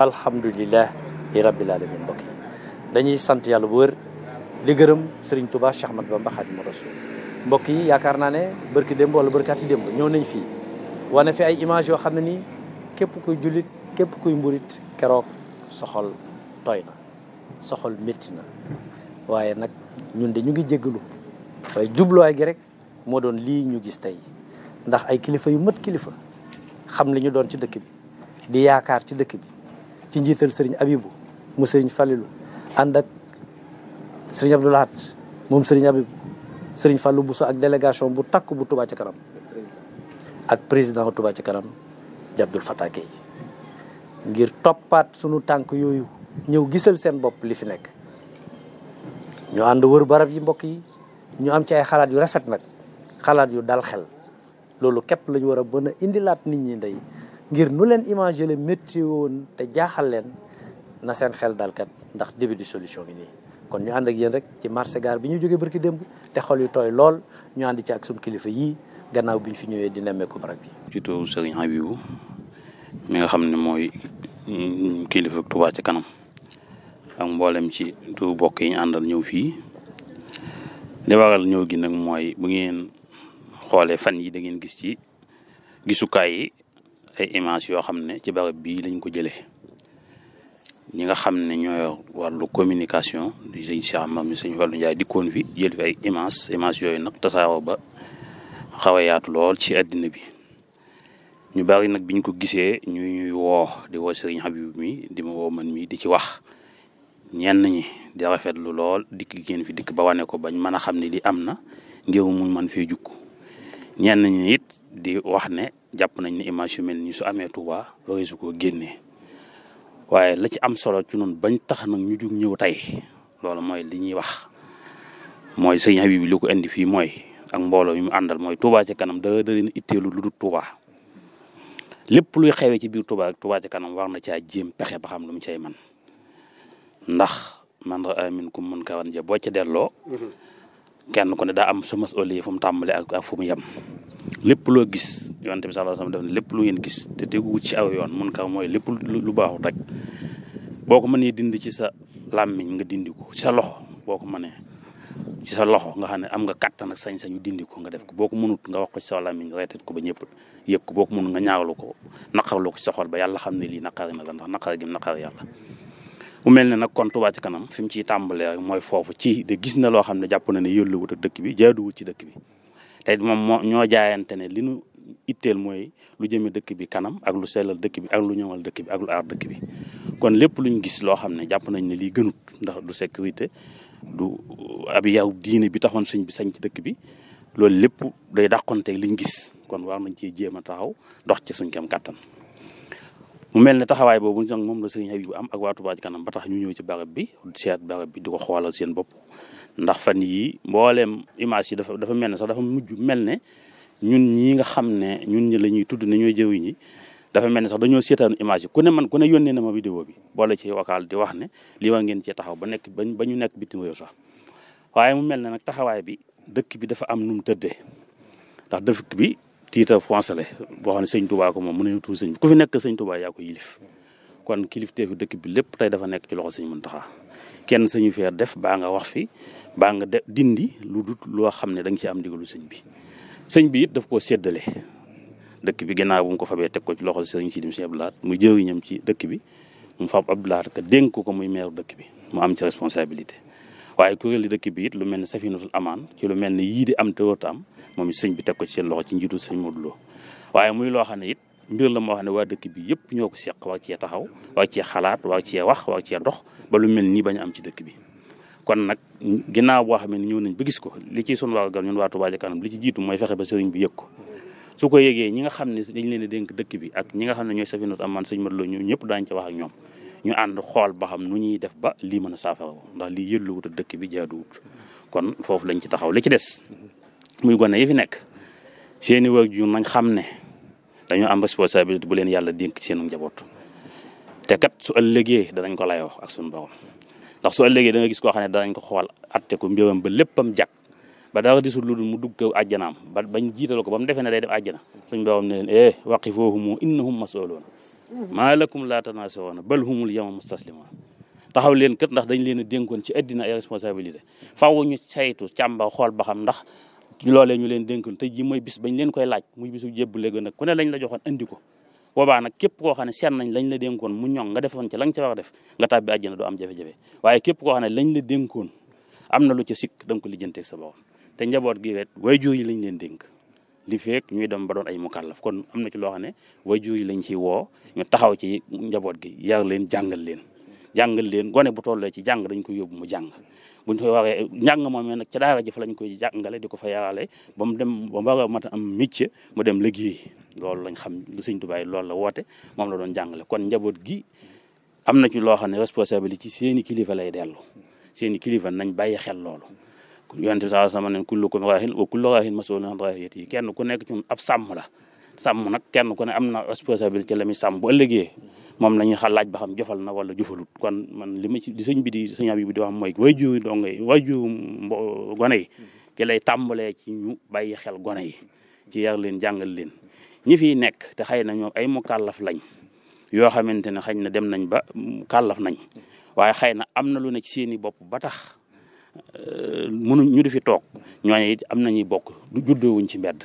alhamdulilah li rabbil alamin mbokk dañuy sant yàlla bu wër di gërëm sëriñ tubaa Cheikh Ahmad Bamba Khadimu Rasul mbokk yi yaakaar naa ne barki démb wala barkaati démb ñëw nañ fii wane fi ay image yoo xam ne nii képp kuy julit képp kuy mburit keroog soxol tooy na soxol métti na waaye nag ñun de ngi jéggalu waaye jubluwaay gi rek moo doon lii ñu gis tey ndax ay kilifa yu mat kilifa xam li ñu doon ci dëkk bi di yaakaar ci dëkk bi ci njiital sëriñ Abibu mu sëriñ Falilu ànd ak sëriñ Abdou moom sëriñ Abibu sëriñ Fallou Bousso ak délégation bu takk bu Touba ci kanam ak président Touba ci kanam di Abdoul Fattah ngir toppaat sunu tànk yooyu ñëw gisal seen bopp li fi nekk ñu ànd wër barab yi mbokk yi ñu am ci ay xalaat yu rafet nag xalaat yu dal xel loolu képp la ñu war a mën a indilaat nit ñi ndey ngir nu leen imaginer métti woon te jaaxal leen na seen xel dalkat ndax début du solution bi nii kon ñu ànd ak yéen rek ci marché gaar bi ñu jógee barki démb te xol yu tooy lool ñu ànd ci ak sum kilifa yii gannaaw bi ñu fi ñëwee di nemmeeku barab bi. surtout Serigne Habibou mi nga xam ne mooy kilifa Touba ci kanam ak mboolem ci tu bokk yi ñu àndal ñëw fii li waral ñëw gi nag mooy bu ngeen xoolee fan yi dangeen gis ci gisukaay yi. ay image yoo xam ne ci barab bii lañ ko jëlee ñi nga xam ne ñoo yor wàllu communication di sëñ Cheikh Amar mi sëñ Fallou Ndiaye dikkoon fi jël fi ay image image yooyu nag tasaaroo ba xaw yaatu lool ci àddina bi ñu bari nag biñ ko gisee ñu ñuy woo di woo sëriñ Habib mi di ma woo man mi di ci wax ñenn ñi di rafetlu lool dikk génn fi dikk ba wane ko bañ mën a xam ne di am na ngir mu mën fee jukk ñenn ñi yit di wax ne jàpp nañ ne image yu mel nii su amee Touba su ko génnee waaye la ci am solo ci noonu bañ tax nag ñu jug ñëw tey loolu mooy li ñuy wax mooy sëñ Habib li ko indi fii mooy ak mbooloo mi mu àndal mooy tubaa ci kanam da da leen itteelu lu du Touba lépp luy xewee ci biir tubaa ak Touba ci kanam war na caa jéem pexe ba xam lu mu cay man ndax man ra amin kum mun kawan ja boo ca delloo mhm. kenn ku ne daa am sa masoliya fu mu tàmbale ak ak fu mu yem lépp loo gis yonent bi sallallahu alayhi lépp lu ngeen gis te teguwut ci aw yoon mun kaw mooy lépp lu baaxut rek boo ko mënee dindi ci sa làmmiñ nga dindi ko ci sa loxo boo ko mënee ci sa loxo nga xam ne am nga kattan ak sañ sañ dindi ko nga def ko boo ko mënut nga wax ko ci sa làmmiñ nga ko ba ñëpp yëpp ko boo ko mënut nga ñaawlu ko naqarlu ko ci sa xol ba yàlla xam ne lii naqari na la ndax naqari gi naqari yàlla mu mel ne nag kon Touba ci kanam fi mu ciy tàmbalee mooy foofu ci de gis na loo xam ne jàpp na ne yëlluwut ak dëkk bi jaaduwut ci dëkk bi tey moom moo ñoo jaayante ne li nu itteel mooy lu jëme dëkk bi kanam ak lu sellal dëkk bi ak lu ñëwal dëkk bi ak lu aar dëkk bi kon lépp luñ gis loo xam ne jàpp nañ ne lii gënut ndax du sécurité du ab yaw diine bi taxoon sëñ bi sañ ci dëkk bi loolu lépp day dàqonteeg liñ gis kon war nañ cee jéem a taxaw dox ci suñ kam kàttan mu mel ne taxawaay boobu nag moom la sëriñ Habib am ak waa Touba Ca Kanam ba tax ñu ñëw ci barab bi seet barab bi di xoolal seen bopp ndax fan yii mbooleem image yi dafa dafa mel ne sax dafa mujj mel ne ñun ñii nga xam ne ñun ñi la ñuy tudd ne ñooy jëwi ñi dafa mel ne sax dañoo seetaan image yi ku ne man ku ne yónnee na ma vidéo bi boole ci vocal di wax ne lii waa ngeen cee taxaw ba nekk ba ñu nekk bitim réew sax waaye mu mel ne nag taxawaay bi dëkk bi dafa am nu mu tëddee ndax dëkk bi tiita français la boo xam ne sëñ Touba ko moom mën nañu tuur sëñ ku fi nekk sëñ Touba yaa ko yilif kon kilifteefu dëkk bi lépp tey dafa nekk ci loxo sëñ Muntaxa kenn sañu fee def baa nga wax fi baa nga de dindi lu dut loo xam ne da ci am ndigalu sëñ bi sëñ bi it daf koo seddale dëkk bi gannaaw bu mu ko fabee teg ko ci loxo sëñ dem Cheikh Abdoulahat muy jëwiñam ci dëkk bi mu fab Abdoulahat ka dénk ko muy meeru dëkk bi mu am ci responsabilité waaye kuréel yi dëkk bi it lu mel ni Safinatul Amaan ci lu mel ne yii di am te moom sëñ bi teg ko ci loxo ci njiitu sëñ Modou waaye muy loo xam ne it mbir la moo xam ne waa dëkk bi yëpp ñoo ko seq waa cee taxaw waa cee xalaat waa cee wax waa cee dox ba lu mel nii bañ am ci dëkk bi. kon nag ginnaaw boo xam ne ñëw nañ ba gis ko li ci sunu waa gàll ñun waa Touba Ca Kanam li ci jiitu mooy fexe ba sëriñ bi ko su ko yëgee xam ne dañ leen a dénk dëkk bi ak ñi nga xam ne ñooy Safinatoul Amaan sëñ Modou Lo ñu ñëpp daañu ci wax ak ñu ànd xool ba xam nu ñuy def ba lii mën a saafara ndax lii yëlluwut a dëkk bi jaaduwut kon foofu lañ ci taxaw li ci des muy gone yi fi nekk seeni waajur nañ xam ne dañoo am responsabilité bu leen yàlla dénk seenu njaboot te kat su ëllëgee danañ ko layoo ak suñu borom ndax soo ëllëgee da gis koo xam ne danañ ko xool atte ko mbiram ba léppam jag ba dara disul lu dul mu dugg ko àjjanaam ba bañ jiital ko ba mu defee ne day def àjjana suñ borom ne leen eh waqifuhum innahum mas'uluun maa lakum laa tanaasawuuna bal humul yawma mustaslimuun taxaw leen kat ndax dañ leen a dénkoon ci addina ay responsabilité faaw ñu saytu càmba xool ba xam ndax loolee ñu leen dénkoon tey jii mooy bis bañ leen koy laaj muy bisu jébbale ga nag ku ne lañ la joxoon andi ko boobaa nag képp koo xam ne seet nañ lañ la dénkoon mu ñoŋ nga defoon ci la nga ca wax def nga tàbbi àjjana du am jafe-jafe waaye képp ko xam ne lañ la dénkoon am na lu ca sikk da nga ko lijjantee sa bopp te njaboot gi wet waajur yi lañ leen dénk li feek ñuy dem ba doon ay mukallaf kon am na ci loo xam ne waajur yi lañ ci woo ñu taxaw ci njaboot gi yar leen jàngal leen jàngal leen gone bu tollee ci jàng dañ koy yóbbu mu jàng buñ koy waxee njàng moom nag ca daara ji fa lañ koy jàngale di ko fa yarale ba mu dem ba mu mat am métier mu dem liggéey loolu lañ xam lu sëñ Tuubaa loolu la woote moom la doon jàngale kon njaboot gi am na ci loo xam ne responsabilité ci seeni kilifa lay dellu seeni kilifa nañ bàyyi xel loolu yonent bi sallallahu alayhi wasallam ne kullukum raahin wa kullu raahin mas'uulun an raahiyatihi kenn ku nekk ci ab sàmm la sàmm nag kenn ku ne am na responsabilité la muy sàmm bu ëllëgee moom la ñuy xal laaj ba xam jëfal na wala jëfalut kon man li ma ci li sëñ bi di sëñ bi di wax mooy waajur dong yi waajur yi ci lay tàmbalee ci ñu bàyyi xel gone yi ci yar leen jàngal leen ñi fi nekk te xëy na ay mu kàllaf lañ yoo xamante ne xañ na dem nañ ba kàllaf nañ waaye xëy na am na lu ne ci seeni bopp ba tax euh, mënu ñu di fi toog ñooñu it am nañuy bokk du juddoowuñ ci mbedd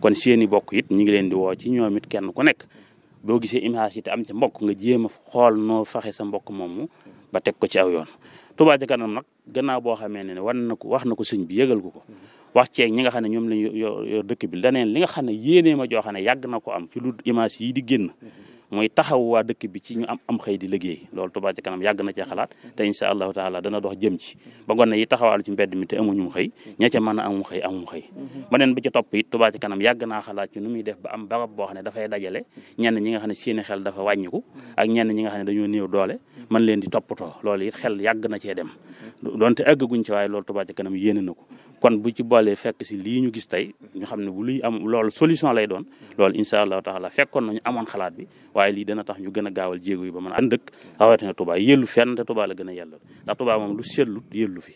kon seeni bokk yit ñu ngi leen di woo ci ñoom it kenn ku nekk boo gisee image yi am ca mbokk nga jéem a xool noo faxe sa mbokk moomu ba teg ko ci aw yoon Touba ca kanam nag gannaaw boo xamee ne ne war na ko wax na ko sëñ bi yëgal ko ko wax cee ñi nga xam ne ñoom lañ yor dëkk bi daneen li nga xam ne yéenee ma joo xam ne yàgg na ko am ci lu image yi di génn mooy taxaw waa dëkk bi ci ñu am am xëy di liggéey loolu Touba Ca Kanam yàgg na cee xalaat te incha allahu taala dana dox jëm ci ba gone yi taxawaalu ci mbedd mi te amuñu xëy ña ca mën a amum xëy amum xëy beneen bi ci topp it Touba Ca Kanam yàgg naa xalaat ci nu muy def ba am barab boo xam ne dafay dajale ñenn ñi nga xam ne seeni xel dafa wàññiku ak ñenn ñi nga xam ne dañoo néew doole man leen di toppatoo lool it xel yàgg na cee dem donte eggaguñ ci waaye loolu Touba Ca Kanam yéene na ko kon bu ci boolee fekk si lii ñu gis tey ñu xam ne bu luy am loolu solution lay doon loolu incha allahu taala fekkoon nañu amoon xalaat bi waaye lii dana tax ñu gën a gaawal jéego yi ba mën a dëkk rawatina Touba yellu fenn te Touba la gën a yellal ndax Touba moom lu sellut yellu fi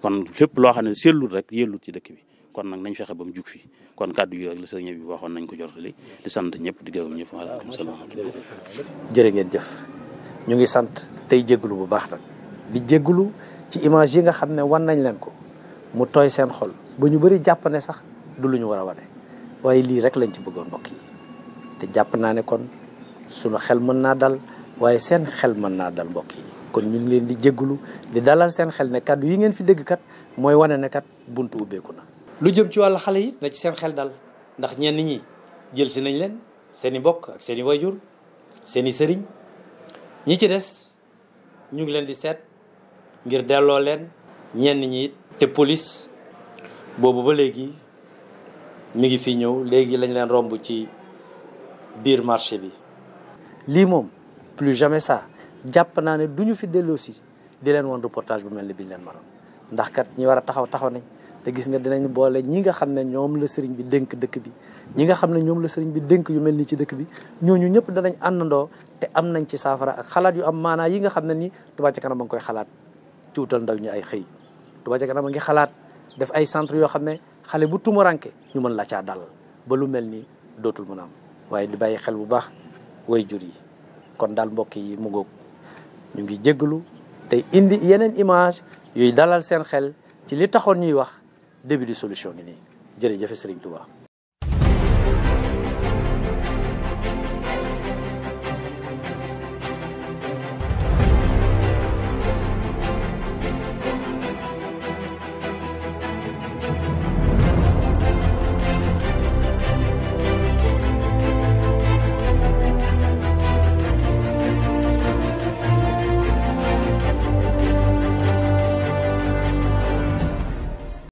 kon lépp loo xam ne sellut rek yellut ci dëkk bi kon nag nañ fexe ba mu jug fi kon kàddu yi rek la sëriñ bi waxoon nañ ko jortali di sant ñëpp di gërëm ñëpp waaleykum salaam jërë ngeen jëf ñu ngi sant tey jégalu bu baax nag di jégalu ci image yi nga xam ne wan nañ leen ko mu tooy seen xol ba ñu bëri jàpp ne sax du lu ñu war a wane waaye lii rek lañ ci bëggoon mbokk te jàpp naa ne kon sunu xel mën naa dal waaye seen xel mën naa dal mbokk yi kon ñu ngi leen di jéggulu di dalal seen xel ne kàddu yi ngeen fi dégg kat mooy wane ne kat buntu ubbeeku na. lu jëm ci wàll xale yi na ci seen xel dal ndax ñenn ñi jël si nañ leen seen i mbokk ak seen i wayjur sëriñ ñi ci des ñu ngi leen di seet ngir delloo leen ñenn ñi it te police boobu ba léegi mu ngi fi ñëw léegi lañ leen romb ci biir marché bi. lii moom plus jamais ça jàpp naa ne du ñu fi delloosi di leen woon reportage bu mel ni bi leen maroon ndax kat ñi war a taxaw taxaw nañ te gis nga dinañ boole ñi nga xam ne ñoom la sëriñ bi dénk dëkk bi ñi nga xam ne ñoom la sëriñ bi dénk yu mel nii ci dëkk bi ñooñu ñëpp danañ àndandoo te am nañ ci saafara ak xalaat yu am maanaa yi nga xam ne nii Touba ca kanam a ngi koy xalaat ci wutal ndaw ñu ay xëy Touba ca kanam ngi xalaat def ay centre yoo xam ne xale bu tumuranke ñu mën la caa dal ba lu mel ni dootul mën am waaye di bàyyi xel bu baax woy jur yi kon daal mbokk yi mu ngoog ñu ngi jégalu tey indi yeneen image yuy dalal seen xel ci li taxoon ñuy wax début de solution ngi nii jërëjëf Serigne Touba